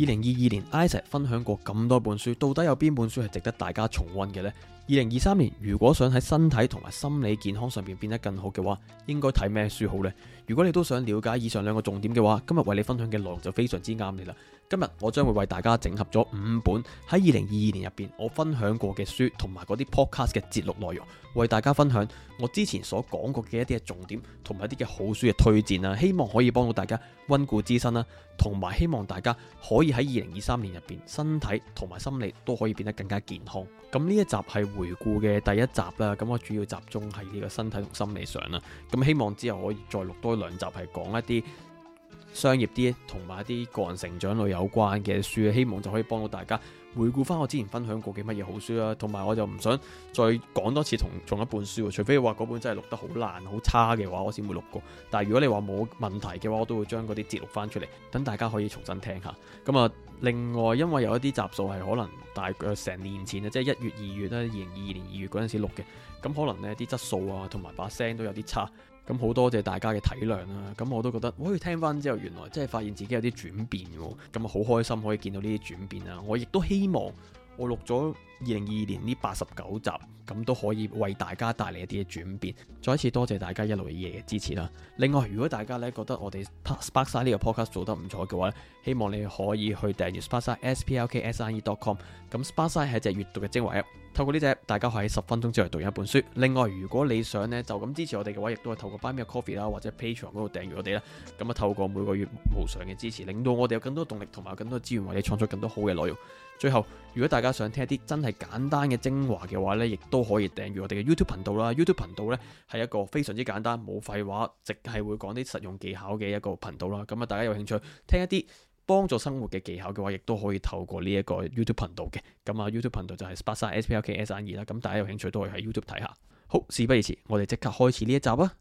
二零二二年，Isaac 分享過咁多本書，到底有邊本書係值得大家重溫嘅呢？二零二三年，如果想喺身體同埋心理健康上面變得更好嘅話，應該睇咩書好呢？如果你都想了解以上兩個重點嘅話，今日為你分享嘅內容就非常之啱你啦。今日我將會為大家整合咗五本喺二零二二年入邊我分享過嘅書同埋嗰啲 podcast 嘅節錄內容，為大家分享我之前所講過嘅一啲嘅重點同埋一啲嘅好書嘅推薦啊，希望可以幫到大家溫故知新啦，同埋希望大家可以喺二零二三年入邊身體同埋心理都可以變得更加健康。咁、嗯、呢一集係回顧嘅第一集啦，咁、嗯、我主要集中喺呢個身體同心理上啦。咁、嗯、希望之後可以再錄多。兩集係講一啲商業啲，同埋一啲個人成長類有關嘅書，希望就可以幫到大家回顧翻我之前分享過嘅乜嘢好書啦。同埋我就唔想再講多次同同一本書，除非話嗰本真係錄得好爛、好差嘅話，我先會錄過。但係如果你話冇問題嘅話，我都會將嗰啲節錄翻出嚟，等大家可以重新聽下。咁、嗯、啊，另外因為有一啲集數係可能大概成、呃、年前咧，即係一月、二月咧，二零二二年二月嗰陣時錄嘅，咁、嗯、可能呢啲質素啊，同埋把聲都有啲差。咁好多謝大家嘅體諒啦，咁我都覺得，我可以聽翻之後，原來真係發現自己有啲轉變喎，咁啊好開心可以見到呢啲轉變啦，我亦都希望。我錄咗二零二二年呢八十九集，咁都可以為大家帶嚟一啲嘅轉變。再一次多謝大家一路以嚟嘅支持啦。另外，如果大家呢覺得我哋 Sparksine 呢個 podcast 做得唔錯嘅話咧，希望你可以去訂閱 Sparksine s p l k s i e dot com。咁 Sparksine 係一隻閱讀嘅精華啊。透過呢隻，大家可以十分鐘之內讀完一本書。另外，如果你想呢就咁支持我哋嘅話，亦都係透過 Buy Me a Coffee 啦，或者 Patreon 嗰度訂閱我哋啦。咁啊，透過每個月無償嘅支持，令到我哋有更多動力同埋更多資源，為你創作更多好嘅內容。最後，如果大家想聽一啲真係簡單嘅精華嘅話呢，亦都可以訂閱我哋嘅 YouTube 頻道啦。YouTube 頻道呢係一個非常之簡單，冇廢話，直係會講啲實用技巧嘅一個頻道啦。咁、嗯、啊，大家有興趣聽一啲幫助生活嘅技巧嘅話，亦都可以透過呢一個 you、嗯、YouTube 頻道嘅。咁啊，YouTube 頻道就係 Spasa S P SP L K S N 二啦。咁、嗯、大家有興趣都可以喺 YouTube 睇下。好，事不宜遲，我哋即刻開始呢一集啊！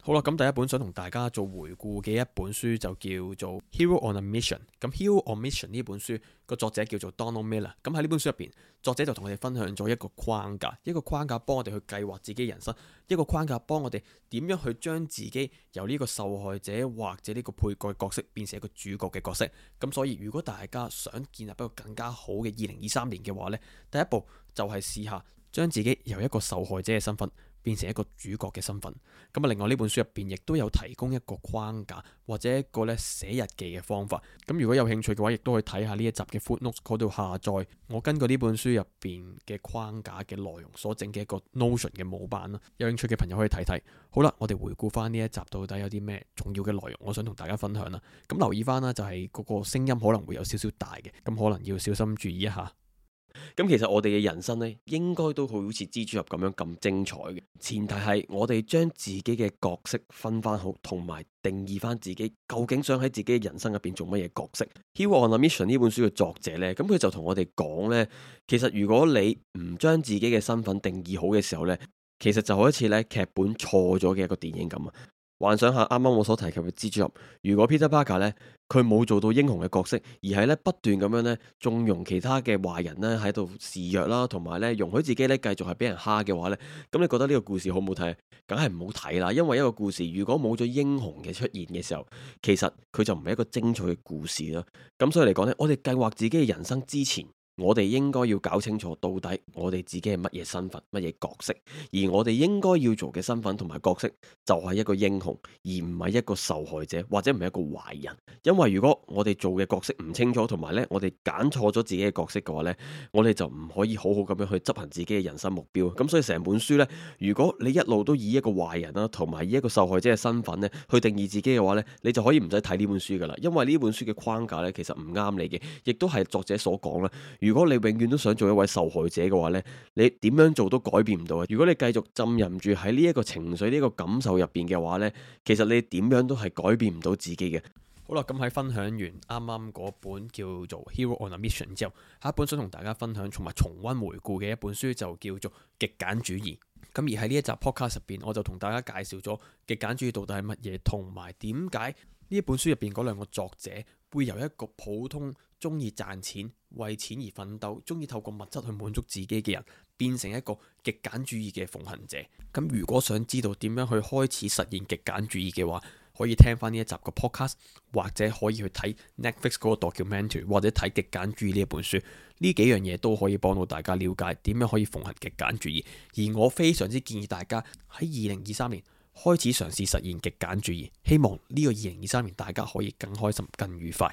好啦，咁第一本想同大家做回顧嘅一本書就叫做《Hero on a Mission》。咁《Hero on Mission》呢本書個作者叫做 Donald Miller。咁喺呢本書入邊，作者就同我哋分享咗一個框架，一個框架幫我哋去計劃自己人生，一個框架幫我哋點樣去將自己由呢個受害者或者呢個配角角色變成一個主角嘅角色。咁所以如果大家想建立一個更加好嘅二零二三年嘅話呢，第一步就係試下將自己由一個受害者嘅身份。變成一個主角嘅身份，咁啊，另外呢本書入邊亦都有提供一個框架或者一個咧寫日記嘅方法。咁如果有興趣嘅話，亦都可以睇下呢一集嘅 Footnote 嗰度下載。我根據呢本書入邊嘅框架嘅內容所整嘅一個 Notion 嘅模板啦，有興趣嘅朋友可以睇睇。好啦，我哋回顧翻呢一集到底有啲咩重要嘅內容，我想同大家分享啦。咁留意翻啦，就係嗰個聲音可能會有少少大嘅，咁可能要小心注意一下。咁其實我哋嘅人生呢，應該都好似蜘蛛俠咁樣咁精彩嘅。前提係我哋將自己嘅角色分翻好，同埋定義翻自己究竟想喺自己嘅人生入邊做乜嘢角色。《Hero on a Mission》呢本書嘅作者呢，咁佢就同我哋講呢其實如果你唔將自己嘅身份定義好嘅時候呢，其實就好似呢劇本錯咗嘅一個電影咁啊。幻想下啱啱我所提及嘅蜘蛛俠，如果 Peter Parker 呢，佢冇做到英雄嘅角色，而係呢不斷咁樣呢縱容其他嘅壞人呢喺度示弱啦，同埋呢容許自己呢繼續係俾人蝦嘅話呢，咁你覺得呢個故事好唔好睇？梗係唔好睇啦，因為一個故事如果冇咗英雄嘅出現嘅時候，其實佢就唔係一個精彩嘅故事啦。咁所以嚟講呢，我哋計劃自己嘅人生之前。我哋應該要搞清楚到底我哋自己係乜嘢身份、乜嘢角色，而我哋應該要做嘅身份同埋角色就係一個英雄，而唔係一個受害者或者唔係一個壞人。因為如果我哋做嘅角色唔清楚，同埋呢我哋揀錯咗自己嘅角色嘅話呢，我哋就唔可以好好咁樣去執行自己嘅人生目標。咁所以成本書呢，如果你一路都以一個壞人啦，同埋以一個受害者嘅身份呢去定義自己嘅話呢，你就可以唔使睇呢本書㗎喇。因為呢本書嘅框架呢，其實唔啱你嘅，亦都係作者所講啦。如果你永遠都想做一位受害者嘅話呢，你點樣做都改變唔到。如果你繼續浸淫住喺呢一個情緒、呢個感受入邊嘅話呢，其實你點樣都係改變唔到自己嘅。好啦，咁喺分享完啱啱嗰本叫做《Hero on a Mission》之後，下一本想同大家分享同埋重温回顧嘅一本書就叫做《極簡主義》。咁而喺呢一集 Podcast 入邊，我就同大家介紹咗《極簡主義》到底係乜嘢，同埋點解呢一本書入邊嗰兩個作者會由一個普通。中意賺錢、為錢而奮鬥、中意透過物質去滿足自己嘅人，變成一個極簡主義嘅奉行者。咁如果想知道點樣去開始實現極簡主義嘅話，可以聽翻呢一集嘅 podcast，或者可以去睇 Netflix 嗰個 documentary，或者睇《極簡主義》呢一本書。呢幾樣嘢都可以幫到大家了解點樣可以奉行極簡主義。而我非常之建議大家喺二零二三年開始嘗試實現極簡主義，希望呢個二零二三年大家可以更開心、更愉快。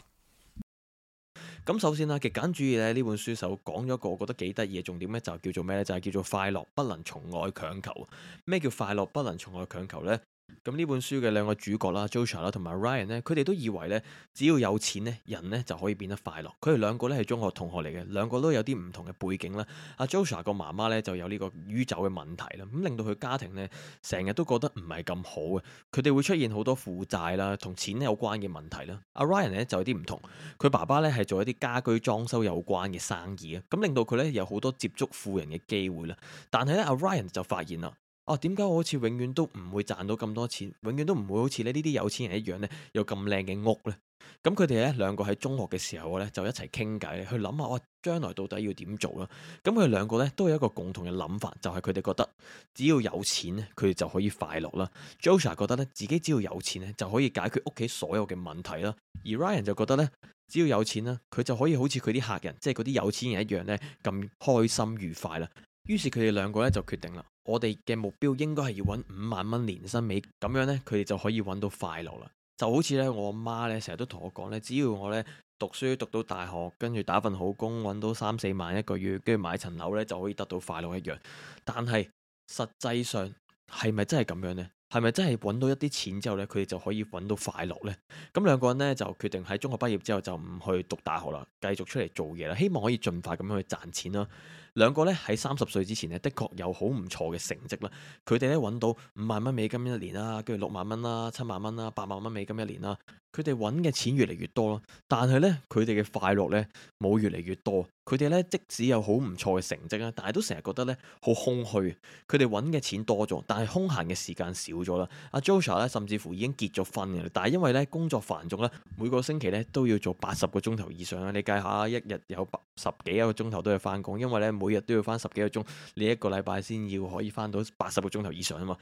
咁首先啦，極簡主義咧呢本書，首先講咗個我覺得幾得意嘅重點咧，就叫做咩咧？就係叫做快樂不能從外強求。咩叫快樂不能從外強求咧？咁呢本書嘅兩個主角啦 Joshua 同埋 Ryan 咧，佢哋都以為咧，只要有錢咧，人咧就可以變得快樂。佢哋兩個咧係中學同學嚟嘅，兩個都有啲唔同嘅背景啦。阿 Joshua 個媽媽咧就有呢個酗酒嘅問題啦，咁令到佢家庭咧成日都覺得唔係咁好嘅。佢哋會出現好多負債啦，同錢有關嘅問題啦。阿 Ryan 咧就有啲唔同，佢爸爸咧係做一啲家居裝修有關嘅生意啊，咁令到佢咧有好多接觸富人嘅機會啦。但係咧，阿 Ryan 就發現啦。哦，點解、啊、我好似永遠都唔會賺到咁多錢，永遠都唔會好似咧呢啲有錢人一樣咧，有咁靚嘅屋呢？咁佢哋咧兩個喺中學嘅時候咧就一齊傾偈，去諗下我、啊、將來到底要點做啦。咁佢哋兩個咧都有一個共同嘅諗法，就係佢哋覺得只要有錢咧，佢哋就可以快樂啦。Joshua 覺得咧自己只要有錢咧就可以解決屋企所有嘅問題啦，而 Ryan 就覺得咧只要有錢啦，佢就可以好似佢啲客人，即係嗰啲有錢人一樣咧咁開心愉快啦。於是佢哋兩個咧就決定啦。我哋嘅目標應該係要揾五萬蚊年薪美金咁樣呢，佢哋就可以揾到快樂啦。就好似呢，我阿媽呢成日都同我講呢：「只要我呢讀書讀到大學，跟住打份好工，揾到三四萬一個月，跟住買層樓呢，就可以得到快樂一樣」但，但係實際上係咪真係咁樣呢？係咪真係揾到一啲錢之後呢，佢哋就可以揾到快樂呢？咁兩個人呢，就決定喺中學畢業之後就唔去讀大學啦，繼續出嚟做嘢啦，希望可以盡快咁樣去賺錢啦。兩個咧，喺三十歲之前咧，的確有好唔錯嘅成績啦，佢哋咧，揾到五萬蚊美金一年啦，跟住六萬蚊啦、七萬蚊啦、八萬蚊美金一年啦，佢哋揾嘅錢越嚟越多咯，但係咧，佢哋嘅快樂咧冇越嚟越多。佢哋咧，即使有好唔錯嘅成績啦，但係都成日覺得咧好空虛。佢哋揾嘅錢多咗，但係空閒嘅時間少咗啦。阿 Joshua 咧，甚至乎已經結咗婚嘅，但係因為咧工作繁重啦，每個星期咧都要做八十個鐘頭以上啦。你計下，一日有十幾個鐘頭都要返工，因為咧每日都要返十幾個鐘，你一個禮拜先要可以返到八十個鐘頭以上啊嘛。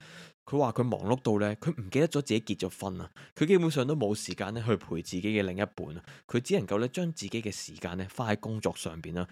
佢話佢忙碌到呢，佢唔記得咗自己結咗婚啦，佢基本上都冇時間咧去陪自己嘅另一半啊，佢只能夠咧將自己嘅時間咧花喺工作上邊啦，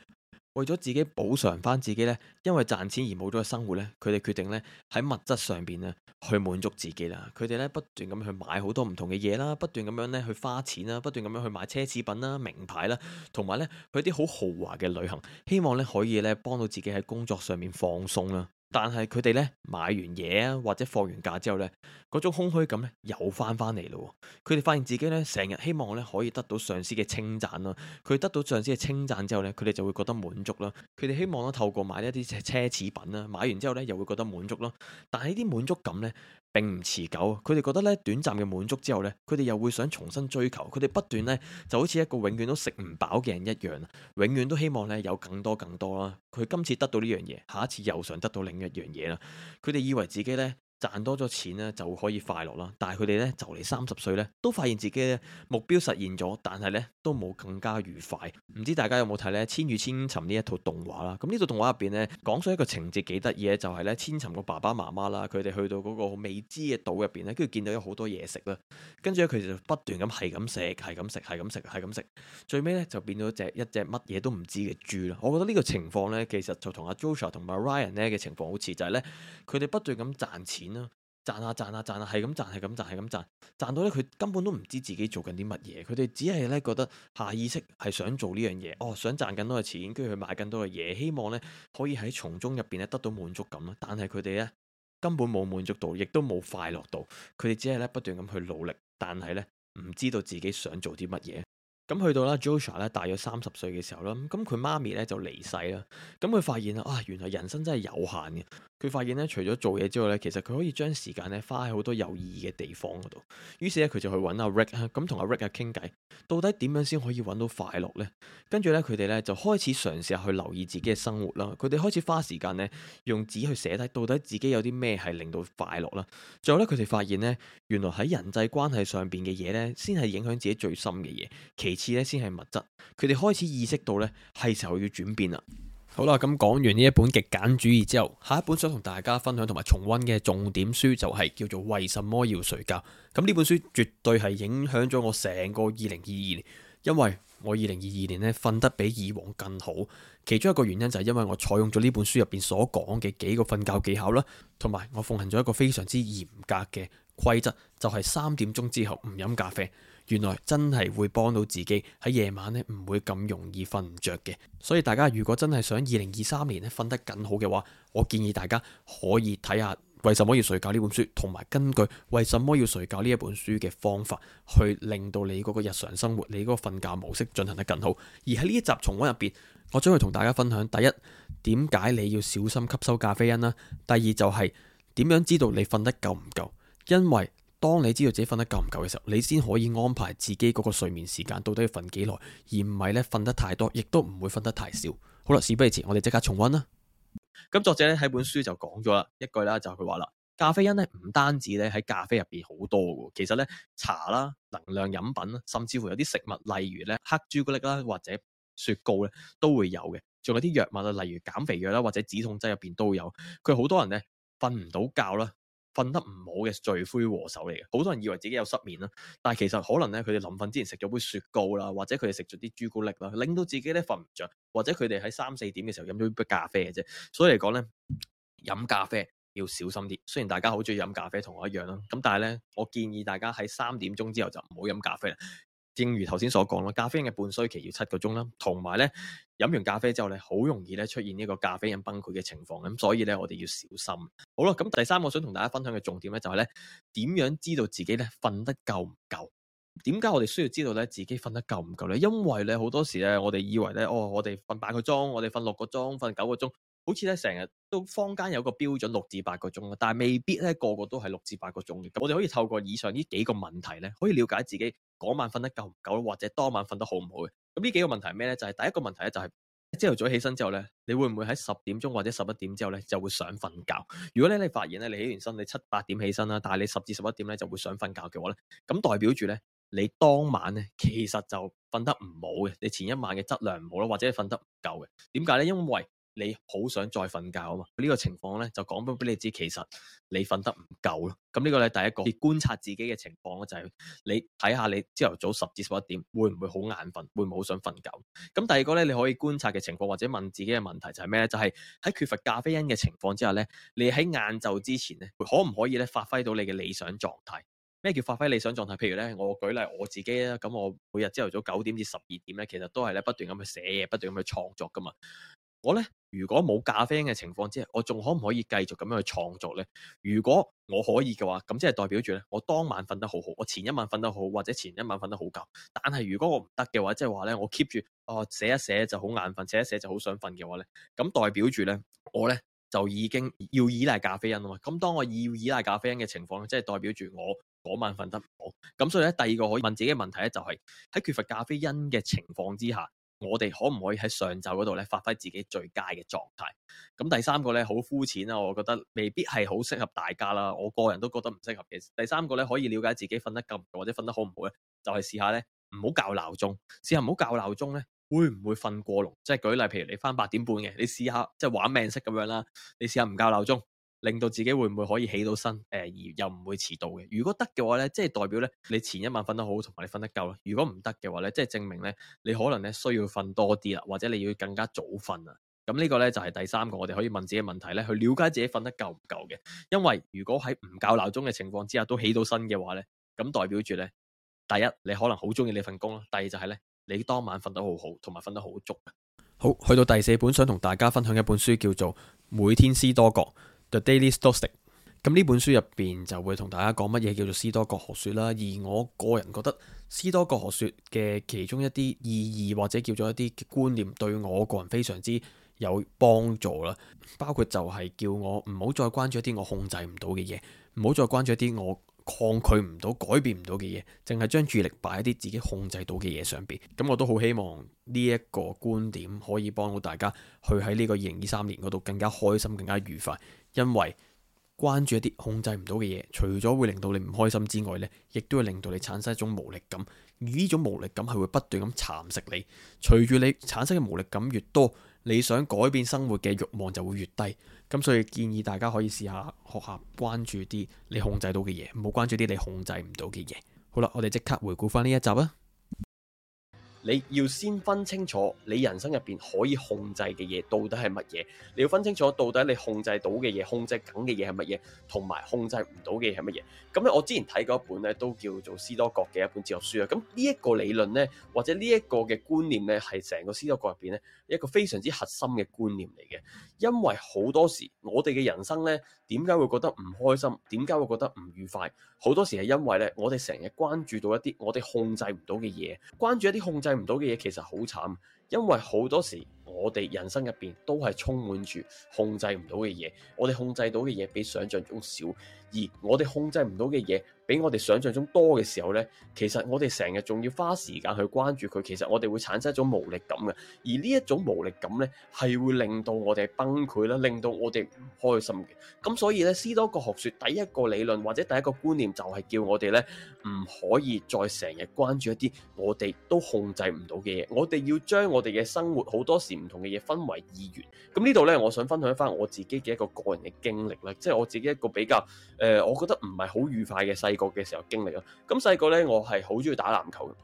為咗自己補償翻自己咧，因為賺錢而冇咗生活咧，佢哋決定咧喺物質上邊啊去滿足自己啦，佢哋咧不斷咁去買好多唔同嘅嘢啦，不斷咁樣咧去花錢啦，不斷咁樣去買奢侈品啦、名牌啦，同埋咧去啲好豪華嘅旅行，希望咧可以咧幫到自己喺工作上面放鬆啦。但係佢哋呢買完嘢啊，或者放完假之後呢，嗰種空虛感呢又翻返嚟啦。佢哋發現自己呢成日希望呢可以得到上司嘅稱讚啦。佢得到上司嘅稱讚之後呢，佢哋就會覺得滿足啦。佢哋希望呢透過買一啲奢侈品啦，買完之後呢，又會覺得滿足啦。但係呢啲滿足感呢。並唔持久，佢哋覺得咧短暫嘅滿足之後咧，佢哋又會想重新追求，佢哋不斷咧就好似一個永遠都食唔飽嘅人一樣，永遠都希望咧有更多更多啦。佢今次得到呢樣嘢，下一次又想得到另一樣嘢啦。佢哋以為自己咧。賺多咗錢咧就可以快樂啦，但係佢哋咧就嚟三十歲咧都發現自己咧目標實現咗，但係咧都冇更加愉快。唔知大家有冇睇咧《千與千尋》呢一套動畫啦？咁呢套動畫入邊咧講咗一個情節幾得意嘅，就係咧千尋個爸爸媽媽啦，佢哋去到嗰個未知嘅島入邊咧，跟住見到有好多嘢食啦，跟住咧佢哋就不斷咁係咁食，係咁食，係咁食，係咁食，最尾咧就變咗隻一隻乜嘢都唔知嘅豬啦。我覺得呢個情況咧，其實就同阿 Joshua 同埋 Ryan 咧嘅情況好似，就係咧佢哋不斷咁賺錢。咯，賺啊賺啊賺啊係咁賺，係咁賺，係咁賺，賺賺到咧佢根本都唔知自己做緊啲乜嘢，佢哋只係咧覺得下意識係想做呢樣嘢，哦，想賺更多嘅錢，跟住去買更多嘅嘢，希望咧可以喺從中入邊咧得到滿足感咯。但係佢哋咧根本冇滿足到，亦都冇快樂到，佢哋只係咧不斷咁去努力，但係咧唔知道自己想做啲乜嘢。咁去到啦 Joshua 咧大約三十歲嘅時候啦，咁佢媽咪咧就離世啦。咁佢發現啊，原來人生真係有限嘅。佢發現咧，除咗做嘢之外咧，其實佢可以將時間咧花喺好多有意義嘅地方嗰度。於是咧，佢就去揾阿 Rick 啊，咁同阿 Rick 啊傾偈，到底點樣先可以揾到快樂呢？跟住咧，佢哋咧就開始嘗試啊去留意自己嘅生活啦。佢哋開始花時間咧，用紙去寫低到底自己有啲咩係令到快樂啦。最後咧，佢哋發現咧，原來喺人際關係上邊嘅嘢咧，先係影響自己最深嘅嘢。其次咧先係物質，佢哋開始意識到咧，係時候要轉變啦。好啦，咁講完呢一本極簡主義之後，下一本想同大家分享同埋重温嘅重點書就係叫做《為什麼要睡覺》。咁呢本書絕對係影響咗我成個二零二二年，因為我二零二二年咧瞓得比以往更好。其中一個原因就係因為我採用咗呢本書入邊所講嘅幾個瞓覺技巧啦，同埋我奉行咗一個非常之嚴格嘅規則，就係三點鐘之後唔飲咖啡。原來真係會幫到自己喺夜晚呢，唔會咁容易瞓唔着嘅，所以大家如果真係想二零二三年呢瞓得更好嘅話，我建議大家可以睇下《為什麼要睡覺》呢本書，同埋根據《為什麼要睡覺》呢一本書嘅方法去令到你嗰個日常生活，你嗰個瞓覺模式進行得更好。而喺呢一集重温入邊，我將會同大家分享：第一，點解你要小心吸收咖啡因啦、啊；第二，就係，就係點樣知道你瞓得夠唔夠，因為。當你知道自己瞓得夠唔夠嘅時候，你先可以安排自己嗰個睡眠時間，到底要瞓幾耐，而唔係咧瞓得太多，亦都唔會瞓得太少。好啦，事不宜遲，我哋即刻重溫啦。咁作者咧喺本書就講咗啦一句啦，就係佢話啦，咖啡因咧唔單止咧喺咖啡入邊好多嘅，其實咧茶啦、能量飲品啦，甚至乎有啲食物，例如咧黑朱古力啦或者雪糕咧都會有嘅。仲有啲藥物啦，例如減肥藥啦或者止痛劑入邊都有。佢好多人咧瞓唔到覺啦，瞓得唔好嘅罪魁禍首嚟嘅，好多人以為自己有失眠啦，但係其實可能咧，佢哋臨瞓之前食咗杯雪糕啦，或者佢哋食咗啲朱古力啦，令到自己咧瞓唔着，或者佢哋喺三四點嘅時候飲咗杯咖啡嘅啫，所以嚟講咧，飲咖啡要小心啲。雖然大家好中意飲咖啡，同我一樣啦，咁但係咧，我建議大家喺三點鐘之後就唔好飲咖啡啦。正如頭先所講咯，咖啡因嘅半衰期要七個鐘啦，同埋咧飲完咖啡之後咧，好容易咧出現呢個咖啡因崩潰嘅情況嘅，咁所以咧我哋要小心。好啦，咁第三個想同大家分享嘅重點咧，就是，就係咧點樣知道自己咧瞓得夠唔夠？點解我哋需要知道咧自己瞓得夠唔夠咧？因為咧好多時咧我哋以為咧哦，我哋瞓八個鐘，我哋瞓六個鐘，瞓九個鐘，好似咧成日都坊間有個標準六至八個鐘，但係未必咧個個都係六至八個鐘嘅。咁我哋可以透過以上呢幾個問題咧，可以了解自己。嗰晚瞓得夠唔夠，或者當晚瞓得好唔好嘅？咁呢幾個問題係咩咧？就係、是、第一個問題咧、就是，就係朝頭早起身之後咧，你會唔會喺十點鐘或者十一點之後咧，就會想瞓覺？如果咧你發現咧，你起完身你七八點起身啦，但係你十至十一點咧就會想瞓覺嘅話咧，咁代表住咧你當晚咧其實就瞓得唔好嘅，你前一晚嘅質量唔好咯，或者瞓得唔夠嘅？點解咧？因為你好想再瞓覺啊嘛？呢個情況咧，就講俾你知，其實你瞓得唔夠咯。咁呢個咧第一個，觀察自己嘅情況咧就係你睇下你朝頭早十至十一點會唔會好眼瞓，會唔會好想瞓覺？咁第二個咧，你可以觀察嘅情況或者問自己嘅問題就係咩咧？就係喺缺乏咖啡因嘅情況之下咧，你喺晏晝之前咧可唔可以咧發揮到你嘅理想狀態？咩叫發揮理想狀態？譬如咧，我舉例我自己啦，咁我每日朝頭早九點至十二點咧，其實都係咧不斷咁去寫嘢，不斷咁去創作噶嘛。我呢，如果冇咖啡因嘅情況之下，我仲可唔可以繼續咁樣去創作呢？如果我可以嘅話，咁即係代表住呢，我當晚瞓得好好，我前一晚瞓得好，或者前一晚瞓得好覺。但係如果我唔得嘅話，即係話呢，我 keep 住哦寫一寫就好眼瞓，寫一寫就好想瞓嘅話呢，咁代表住呢，我呢，就已經要依賴咖啡因啊嘛。咁當我要依賴咖啡因嘅情況，即係代表住我嗰晚瞓得唔好，咁所以呢，第二個可以問自己嘅問題呢、就是，就係喺缺乏咖啡因嘅情況之下。我哋可唔可以喺上晝嗰度呢，發揮自己最佳嘅狀態？咁第三個呢，好膚淺啊，我覺得未必係好適合大家啦。我個人都覺得唔適合嘅。第三個呢，可以了解自己瞓得夠唔夠或者瞓得好唔好呢，就係試下呢，唔好較鬧鐘，試下唔好較鬧鐘呢，會唔會瞓過龍？即係舉例，譬如你返八點半嘅，你試下即係玩命式咁樣啦，你試下唔較鬧鐘。令到自己會唔會可以起到身？誒、呃，而又唔會遲到嘅？如果得嘅話咧，即係代表咧，你前一晚瞓得好，同埋你瞓得夠啦。如果唔得嘅話咧，即係證明咧，你可能咧需要瞓多啲啦，或者你要更加早瞓啊。咁呢個咧就係、是、第三個我哋可以問自己問題咧，去了解自己瞓得夠唔夠嘅。因為如果喺唔校鬧鐘嘅情況之下都起到身嘅話咧，咁代表住咧，第一你可能好中意你份工啦，第二就係咧你當晚瞓得好好，同埋瞓得好足。好，去到第四本想同大家分享一本書叫做《每天思多覺》。The Daily Stoic，咁呢本書入邊就會同大家講乜嘢叫做斯多葛學説啦。而我個人覺得斯多葛學説嘅其中一啲意義或者叫做一啲觀念對我個人非常之有幫助啦。包括就係叫我唔好再關注一啲我控制唔到嘅嘢，唔好再關注一啲我，抗拒唔到、改變唔到嘅嘢，淨係將注意力擺喺啲自己控制到嘅嘢上邊。咁我都好希望呢一個觀點可以幫到大家去喺呢個二零二三年嗰度更加開心、更加愉快。因為關注一啲控制唔到嘅嘢，除咗會令到你唔開心之外呢，呢亦都會令到你產生一種無力感。而呢種無力感係會不斷咁蠶食你。隨住你產生嘅無力感越多，你想改變生活嘅欲望就會越低。咁所以建議大家可以試下學下關注啲你控制到嘅嘢，唔好關注啲你控制唔到嘅嘢。好啦，我哋即刻回顧返呢一集啊！你要先分清楚你人生入邊可以控制嘅嘢到底係乜嘢，你要分清楚到底你控制到嘅嘢，控制緊嘅嘢係乜嘢，同埋控制唔到嘅嘢係乜嘢。咁咧，我之前睇過一本咧都叫做《斯多葛》嘅一本哲學書啊。咁呢一個理論咧，或者呢一個嘅觀念咧，係成個斯多葛入邊咧一個非常之核心嘅觀念嚟嘅。因為好多時我哋嘅人生咧，點解會覺得唔開心？點解會覺得唔愉快？好多時係因為咧，我哋成日關注到一啲我哋控制唔到嘅嘢，關注一啲控制。睇唔到嘅嘢，其實好慘，因為好多時。我哋人生入面都係充滿住控制唔到嘅嘢，我哋控制到嘅嘢比想象中少，而我哋控制唔到嘅嘢比我哋想象中多嘅時候咧，其實我哋成日仲要花時間去關注佢，其實我哋會產生一種無力感嘅，而呢一種無力感咧係會令到我哋崩潰啦，令到我哋唔開心嘅。咁所以咧，斯多葛學說第一個理論或者第一個觀念就係叫我哋咧唔可以再成日關注一啲我哋都控制唔到嘅嘢，我哋要將我哋嘅生活好多時。唔同嘅嘢分為二元，咁呢度呢，我想分享返我自己嘅一個個人嘅經歷啦，即係我自己一個比較誒、呃，我覺得唔係好愉快嘅細個嘅時候經歷咯。咁細個呢，我係好中意打籃球，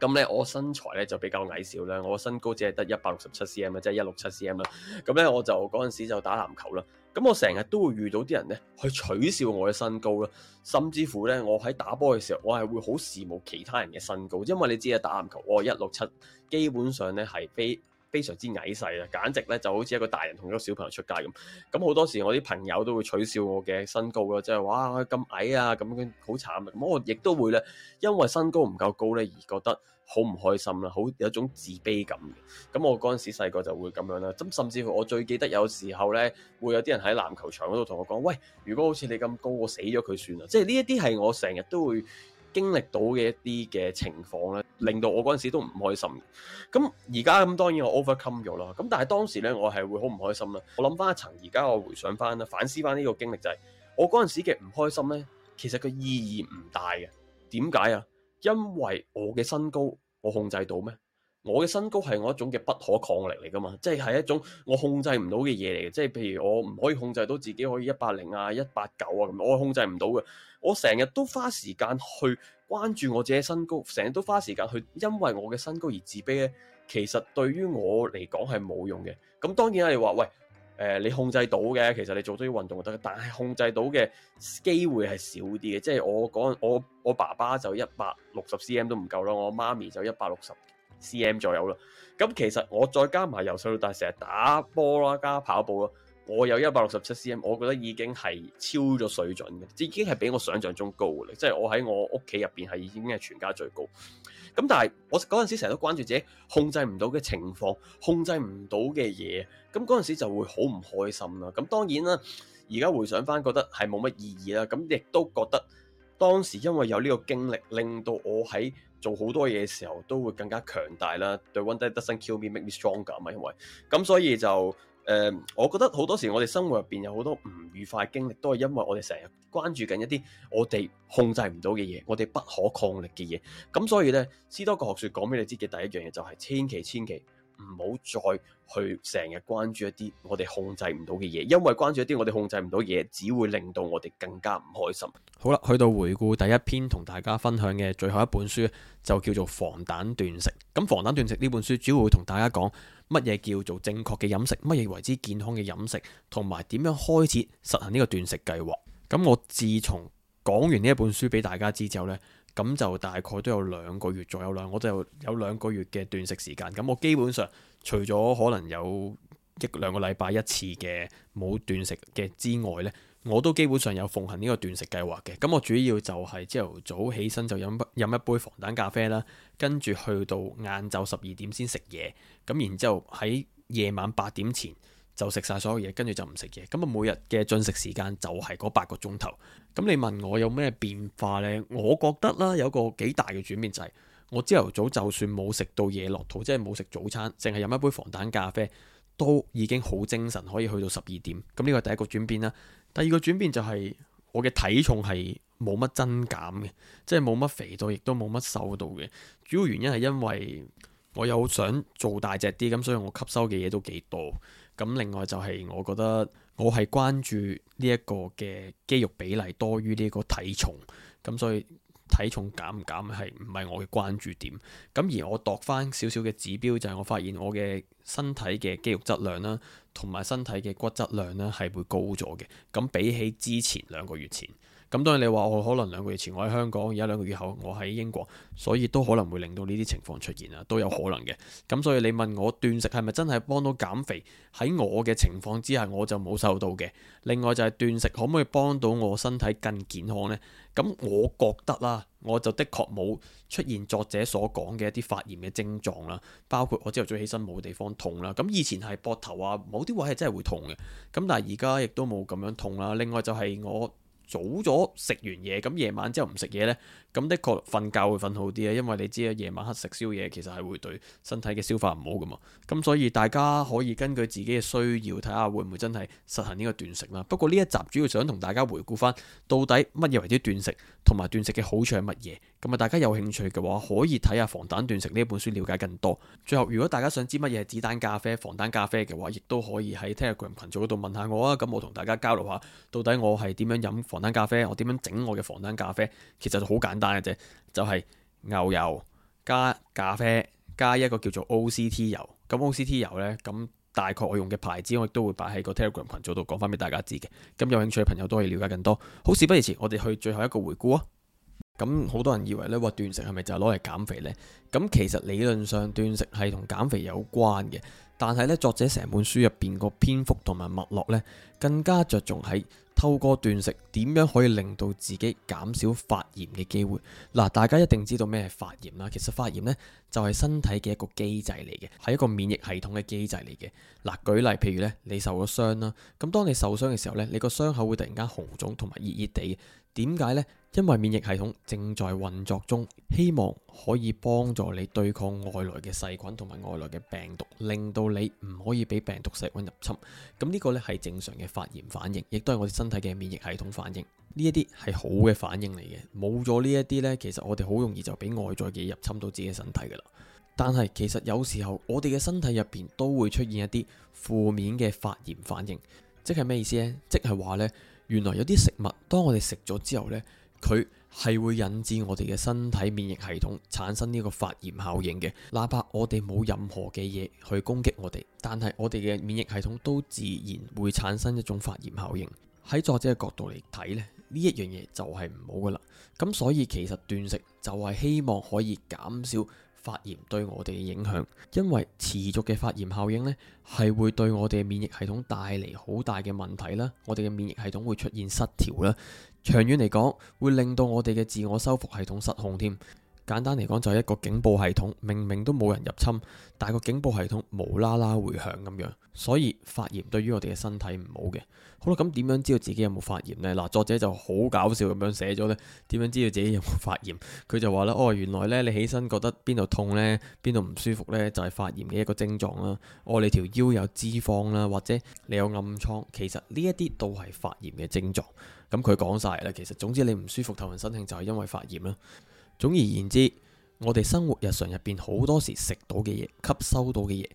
咁呢，我身材呢就比較矮小啦，我身高只係得一百六十七 cm，即係一六七 cm 啦。咁呢，我就嗰陣時就打籃球啦，咁我成日都會遇到啲人呢，去取笑我嘅身高啦，甚至乎呢，我喺打波嘅時候，我係會好羨慕其他人嘅身高，因為你知啊，打籃球我一六七，基本上呢係非。非常之矮細啊，簡直咧就好似一個大人同一個小朋友出街咁。咁好多時我啲朋友都會取笑我嘅身高咯，即係哇咁矮啊，咁樣好慘啊！咁我亦都會咧，因為身高唔夠高咧而覺得好唔開心啦，好有一種自卑感嘅。咁我嗰陣時細個就會咁樣啦。咁甚至乎我最記得有時候咧，會有啲人喺籃球場嗰度同我講：「喂，如果好似你咁高，我死咗佢算啦。即係呢一啲係我成日都會經歷到嘅一啲嘅情況咧，令到我嗰陣時都唔開心。咁而家咁當然我 overcome 咗啦。咁但係當時咧，我係會好唔開心啦。我諗翻一層，而家我回想翻啦，反思翻呢個經歷就係，我嗰陣時嘅唔開心咧，其實佢意義唔大嘅。點解啊？因為我嘅身高我控制到咩？我嘅身高係我一種嘅不可抗力嚟㗎嘛，即係一種我控制唔到嘅嘢嚟嘅。即係譬如我唔可以控制到自己可以一百零啊、一百九啊，咁我控制唔到嘅。我成日都花時間去關注我自己身高，成日都花時間去，因為我嘅身高而自卑。其實對於我嚟講係冇用嘅。咁當然啦，啊，你話喂，呃，你控制到嘅，其實你做多啲運動就得，但係控制到嘅機會係少啲嘅。即係我講我，我爸爸就一百六十 cm 都唔夠啦，我媽咪就一百六十。cm 左右啦，咁其實我再加埋由細到大成日打波啦，加跑步啦。我有一百六十七 cm 我覺得已經係超咗水準嘅，已經係比我想象中高嘅，即係我喺我屋企入邊係已經係全家最高。咁但係我嗰陣時成日都關注自己控制唔到嘅情況，控制唔到嘅嘢，咁嗰陣時就會好唔開心啦。咁當然啦，而家回想返覺得係冇乜意義啦。咁亦都覺得當時因為有呢個經歷，令到我喺做好多嘢嘅時候，都會更加強大啦。對，one day doesn't kill me make me stronger 啊嘛，因為咁所以就誒、呃，我覺得好多時我哋生活入邊有好多唔愉快經歷，都係因為我哋成日關注緊一啲我哋控制唔到嘅嘢，我哋不可抗力嘅嘢。咁所以咧，斯多葛學説講俾你知嘅第一樣嘢就係、是、千祈千祈。唔好再去成日關注一啲我哋控制唔到嘅嘢，因為關注一啲我哋控制唔到嘅嘢，只會令到我哋更加唔開心。好啦，去到回顧第一篇同大家分享嘅最後一本書，就叫做《防彈斷食》。咁《防彈斷食》呢本書主要會同大家講乜嘢叫做正確嘅飲食，乜嘢為之健康嘅飲食，同埋點樣開始實行呢個斷食計劃。咁我自從講完呢一本書俾大家知之後呢。咁就大概都有兩個月左右啦，我就有兩個月嘅斷食時間。咁我基本上除咗可能有一兩個禮拜一次嘅冇斷食嘅之外呢，我都基本上有奉行呢個斷食計劃嘅。咁我主要就係朝頭早起身就飲飲一杯防彈咖啡啦，跟住去到晏晝十二點先食嘢，咁然之後喺夜晚八點前，就食晒所有嘢，跟住就唔食嘢，咁啊每日嘅進食時間就係嗰八個鐘頭。咁你問我有咩變化呢？我覺得啦，有個幾大嘅轉變就係、是、我朝頭早就算冇食到嘢落肚，即係冇食早餐，淨係飲一杯防彈咖啡，都已經好精神可以去到十二點。咁呢個第一個轉變啦。第二個轉變就係、是、我嘅體重係冇乜增減嘅，即係冇乜肥到，亦都冇乜瘦到嘅。主要原因係因為我又想做大隻啲，咁所以我吸收嘅嘢都幾多。咁另外就係，我覺得我係關注呢一個嘅肌肉比例多於呢個體重，咁所以體重減唔減係唔係我嘅關注點。咁而我度翻少少嘅指標就係，我發現我嘅身體嘅肌肉質量啦，同埋身體嘅骨質量呢係會高咗嘅。咁比起之前兩個月前。咁當然你話我可能兩個月前我喺香港，而家兩個月後我喺英國，所以都可能會令到呢啲情況出現啊，都有可能嘅。咁所以你問我斷食係咪真係幫到減肥？喺我嘅情況之下，我就冇受到嘅。另外就係斷食可唔可以幫到我身體更健康呢？咁我覺得啦，我就的確冇出現作者所講嘅一啲發炎嘅症狀啦，包括我朝頭早起身冇地方痛啦。咁以前係膊頭啊，某啲位係真係會痛嘅。咁但係而家亦都冇咁樣痛啦。另外就係我。早咗食完嘢，咁夜晚之後唔食嘢咧。咁的確瞓覺會瞓好啲啊，因為你知啊，夜晚黑食宵夜其實係會對身體嘅消化唔好㗎嘛。咁所以大家可以根據自己嘅需要睇下會唔會真係實行呢個斷食啦。不過呢一集主要想同大家回顧返到底乜嘢為之斷食，同埋斷食嘅好處係乜嘢。咁啊，大家有興趣嘅話，可以睇下《防彈斷食》呢本書了解更多。最後，如果大家想知乜嘢係子彈咖啡、防彈咖啡嘅話，亦都可以喺 Telegram 群組嗰度問下我啊。咁我同大家交流下到底我係點樣飲防彈咖啡，我點樣整我嘅防彈咖啡，其實就好簡單。單嘅啫，就係牛油加咖啡加一個叫做 OCT 油。咁 OCT 油呢，咁大概我用嘅牌子，我亦都會擺喺個 Telegram 群組度講翻俾大家知嘅。咁有興趣嘅朋友都可以了解更多。好事不宜遲，我哋去最後一個回顧啊！咁好多人以為呢話斷食係咪就係攞嚟減肥呢？咁其實理論上斷食係同減肥有關嘅，但係呢，作者成本書入面個篇幅同埋脈絡呢，更加着重喺，透過斷食點樣可以令到自己減少發炎嘅機會？嗱，大家一定知道咩係發炎啦。其實發炎呢，就係、是、身體嘅一個機制嚟嘅，係一個免疫系統嘅機制嚟嘅。嗱，舉例譬如咧，你受咗傷啦，咁當你受傷嘅時候呢，你個傷口會突然間紅腫同埋熱熱地。點解呢？因為免疫系統正在運作中，希望可以幫助你對抗外來嘅細菌同埋外來嘅病毒，令到你唔可以俾病毒細菌入侵。咁、這、呢個呢係正常嘅發炎反應，亦都係我哋身體嘅免疫系統反應。呢一啲係好嘅反應嚟嘅，冇咗呢一啲呢，其實我哋好容易就俾外在嘅嘢入侵到自己身體噶啦。但係其實有時候我哋嘅身體入邊都會出現一啲負面嘅發炎反應，即係咩意思呢？即係話呢。原來有啲食物，當我哋食咗之後呢，佢係會引致我哋嘅身體免疫系統產生呢個發炎效應嘅。哪怕我哋冇任何嘅嘢去攻擊我哋，但係我哋嘅免疫系統都自然會產生一種發炎效應。喺作者嘅角度嚟睇呢，呢一樣嘢就係唔好㗎喇。咁所以其實斷食就係希望可以減少。發炎對我哋嘅影響，因為持續嘅發炎效應呢，係會對我哋嘅免疫系統帶嚟好大嘅問題啦。我哋嘅免疫系統會出現失調啦，長遠嚟講，會令到我哋嘅自我修復系統失控添。簡單嚟講就係一個警報系統，明明都冇人入侵，但係個警報系統無啦啦回響咁樣，所以發炎對於我哋嘅身體唔好嘅。好啦，咁點樣知道自己有冇發炎呢？嗱，作者就好搞笑咁樣寫咗呢：「點樣知道自己有冇發炎？佢就話啦，哦，原來呢，你起身覺得邊度痛呢？邊度唔舒服呢？就係發炎嘅一個症狀啦。哦，你條腰有脂肪啦，或者你有暗瘡，其實呢一啲都係發炎嘅症狀。咁佢講晒啦，其實總之你唔舒服頭暈身㷫就係因為發炎啦。總而言之，我哋生活日常入邊好多時食到嘅嘢，吸收到嘅嘢，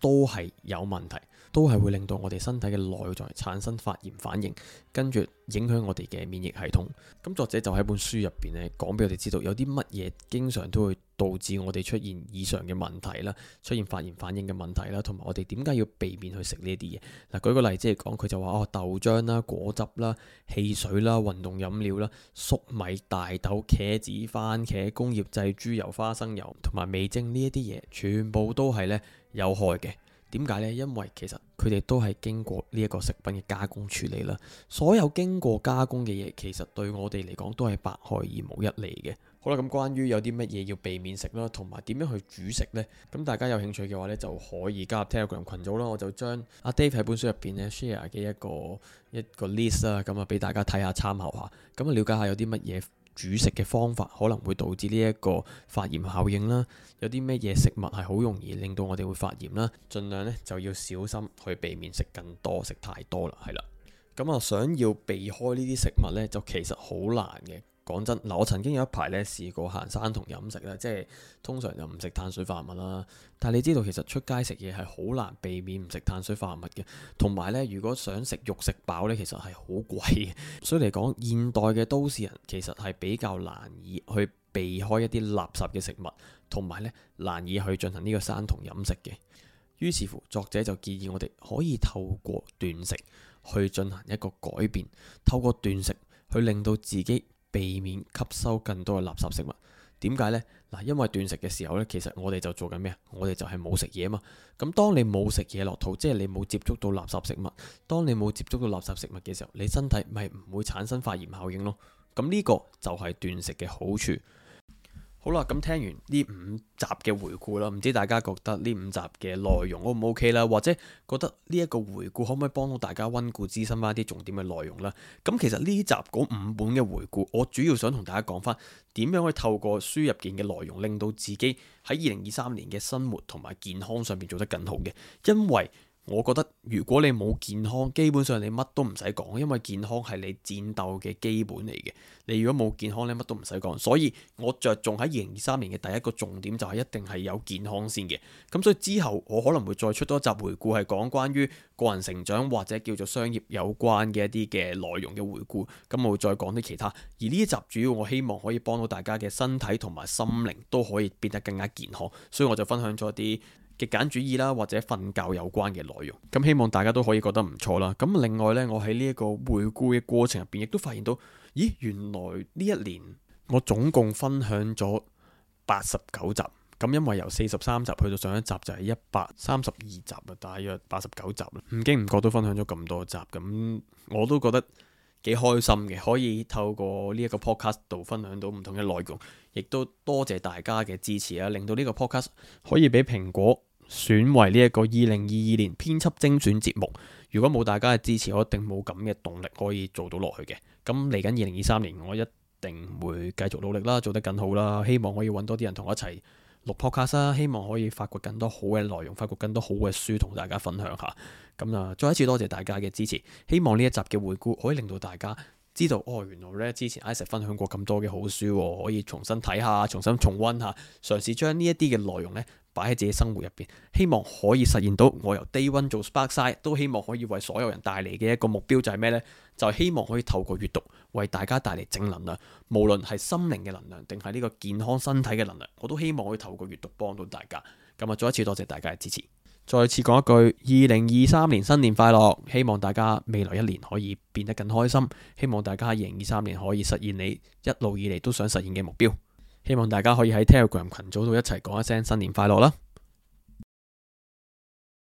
都係有問題，都係會令到我哋身體嘅內在產生發炎反應，跟住影響我哋嘅免疫系統。咁作者就喺本書入邊咧，講俾我哋知道有啲乜嘢經常都會。導致我哋出現以上嘅問題啦，出現發炎反應嘅問題啦，同埋我哋點解要避免去食呢啲嘢？嗱，舉個例子嚟講，佢就話哦，豆漿啦、果汁啦、汽水啦、運動飲料啦、粟米、大豆、茄子、番茄、工業製豬油、花生油同埋味精呢一啲嘢，全部都係呢有害嘅。點解呢？因為其實佢哋都係經過呢一個食品嘅加工處理啦。所有經過加工嘅嘢，其實對我哋嚟講都係百害而無一利嘅。好啦，咁關於有啲乜嘢要避免食啦，同埋點樣去煮食呢？咁大家有興趣嘅話呢，就可以加入 Telegram 群組啦。我就將阿 Dave 喺本書入邊呢 share 嘅一個一個 list 啦，咁啊俾大家睇下參考下，咁啊了解下有啲乜嘢。煮食嘅方法可能會導致呢一個發炎效應啦，有啲咩嘢食物係好容易令到我哋會發炎啦，儘量呢就要小心去避免食更多、食太多啦，係啦，咁、嗯、啊想要避開呢啲食物呢，就其實好難嘅。講真嗱，我曾經有一排咧試過生酮飲食咧，即係通常就唔食碳水化合物啦。但係你知道其實出街食嘢係好難避免唔食碳水化合物嘅，同埋咧，如果想食肉食飽咧，其實係好貴嘅。所以嚟講，現代嘅都市人其實係比較難以去避開一啲垃圾嘅食物，同埋咧難以去進行呢個生酮飲食嘅。於是乎，作者就建議我哋可以透過斷食去進行一個改變，透過斷食去令到自己，避免吸收更多嘅垃圾食物，點解呢？嗱，因為斷食嘅時候呢，其實我哋就做緊咩啊？我哋就係冇食嘢嘛。咁當你冇食嘢落肚，即係你冇接觸到垃圾食物。當你冇接觸到垃圾食物嘅時候，你身體咪唔會產生發炎效應咯。咁呢個就係斷食嘅好處。好啦，咁聽完呢五集嘅回顧啦，唔知大家覺得呢五集嘅內容 O 唔 O K 啦，或者覺得呢一個回顧可唔可以幫到大家溫故知新翻啲重點嘅內容啦？咁其實呢集嗰五本嘅回顧，我主要想同大家講翻點樣去透過書入面嘅內容，令到自己喺二零二三年嘅生活同埋健康上面做得更好嘅，因為。我覺得如果你冇健康，基本上你乜都唔使講，因為健康係你戰鬥嘅基本嚟嘅。你如果冇健康，你乜都唔使講。所以我着重喺二零二三年嘅第一個重點就係一定係有健康先嘅。咁所以之後我可能會再出多一集回顧，係講關於個人成長或者叫做商業有關嘅一啲嘅內容嘅回顧。咁我會再講啲其他。而呢一集主要我希望可以幫到大家嘅身體同埋心靈都可以變得更加健康。所以我就分享咗啲。極簡主義啦，或者瞓覺有關嘅內容，咁希望大家都可以覺得唔錯啦。咁另外呢，我喺呢一個回顧嘅過程入邊，亦都發現到，咦，原來呢一年我總共分享咗八十九集，咁因為由四十三集去到上一集就係一百三十二集啊，大約八十九集啦，唔經唔覺都分享咗咁多集，咁我都覺得幾開心嘅，可以透過呢一個 podcast 度分享到唔同嘅內容，亦都多謝大家嘅支持啊，令到呢個 podcast 可以俾蘋果。選為呢一個二零二二年編輯精選節目，如果冇大家嘅支持，我一定冇咁嘅動力可以做到落去嘅。咁嚟緊二零二三年，我一定會繼續努力啦，做得更好啦。希望可以揾多啲人同我一齊錄 podcast，希望可以發掘更多好嘅內容，發掘更多好嘅書同大家分享下。咁啊，再一次多謝大家嘅支持，希望呢一集嘅回顧可以令到大家知道，哦，原來呢之前 Isa 分享過咁多嘅好書，可以重新睇下，重新重溫下，嘗試將呢一啲嘅內容呢。擺喺自己生活入邊，希望可以實現到我由 day one 做 Sparkside，都希望可以為所有人帶嚟嘅一個目標就係咩呢？就係希望可以透過閱讀為大家帶嚟正能量，無論係心靈嘅能量定係呢個健康身體嘅能量，我都希望可以透過閱讀幫到大家。咁啊，再一次多謝大家嘅支持，再次講一句，二零二三年新年快樂！希望大家未來一年可以變得更開心，希望大家二零二三年可以實現你一路以嚟都想實現嘅目標。希望大家可以喺 Telegram 群組度一齊講一聲新年快樂啦！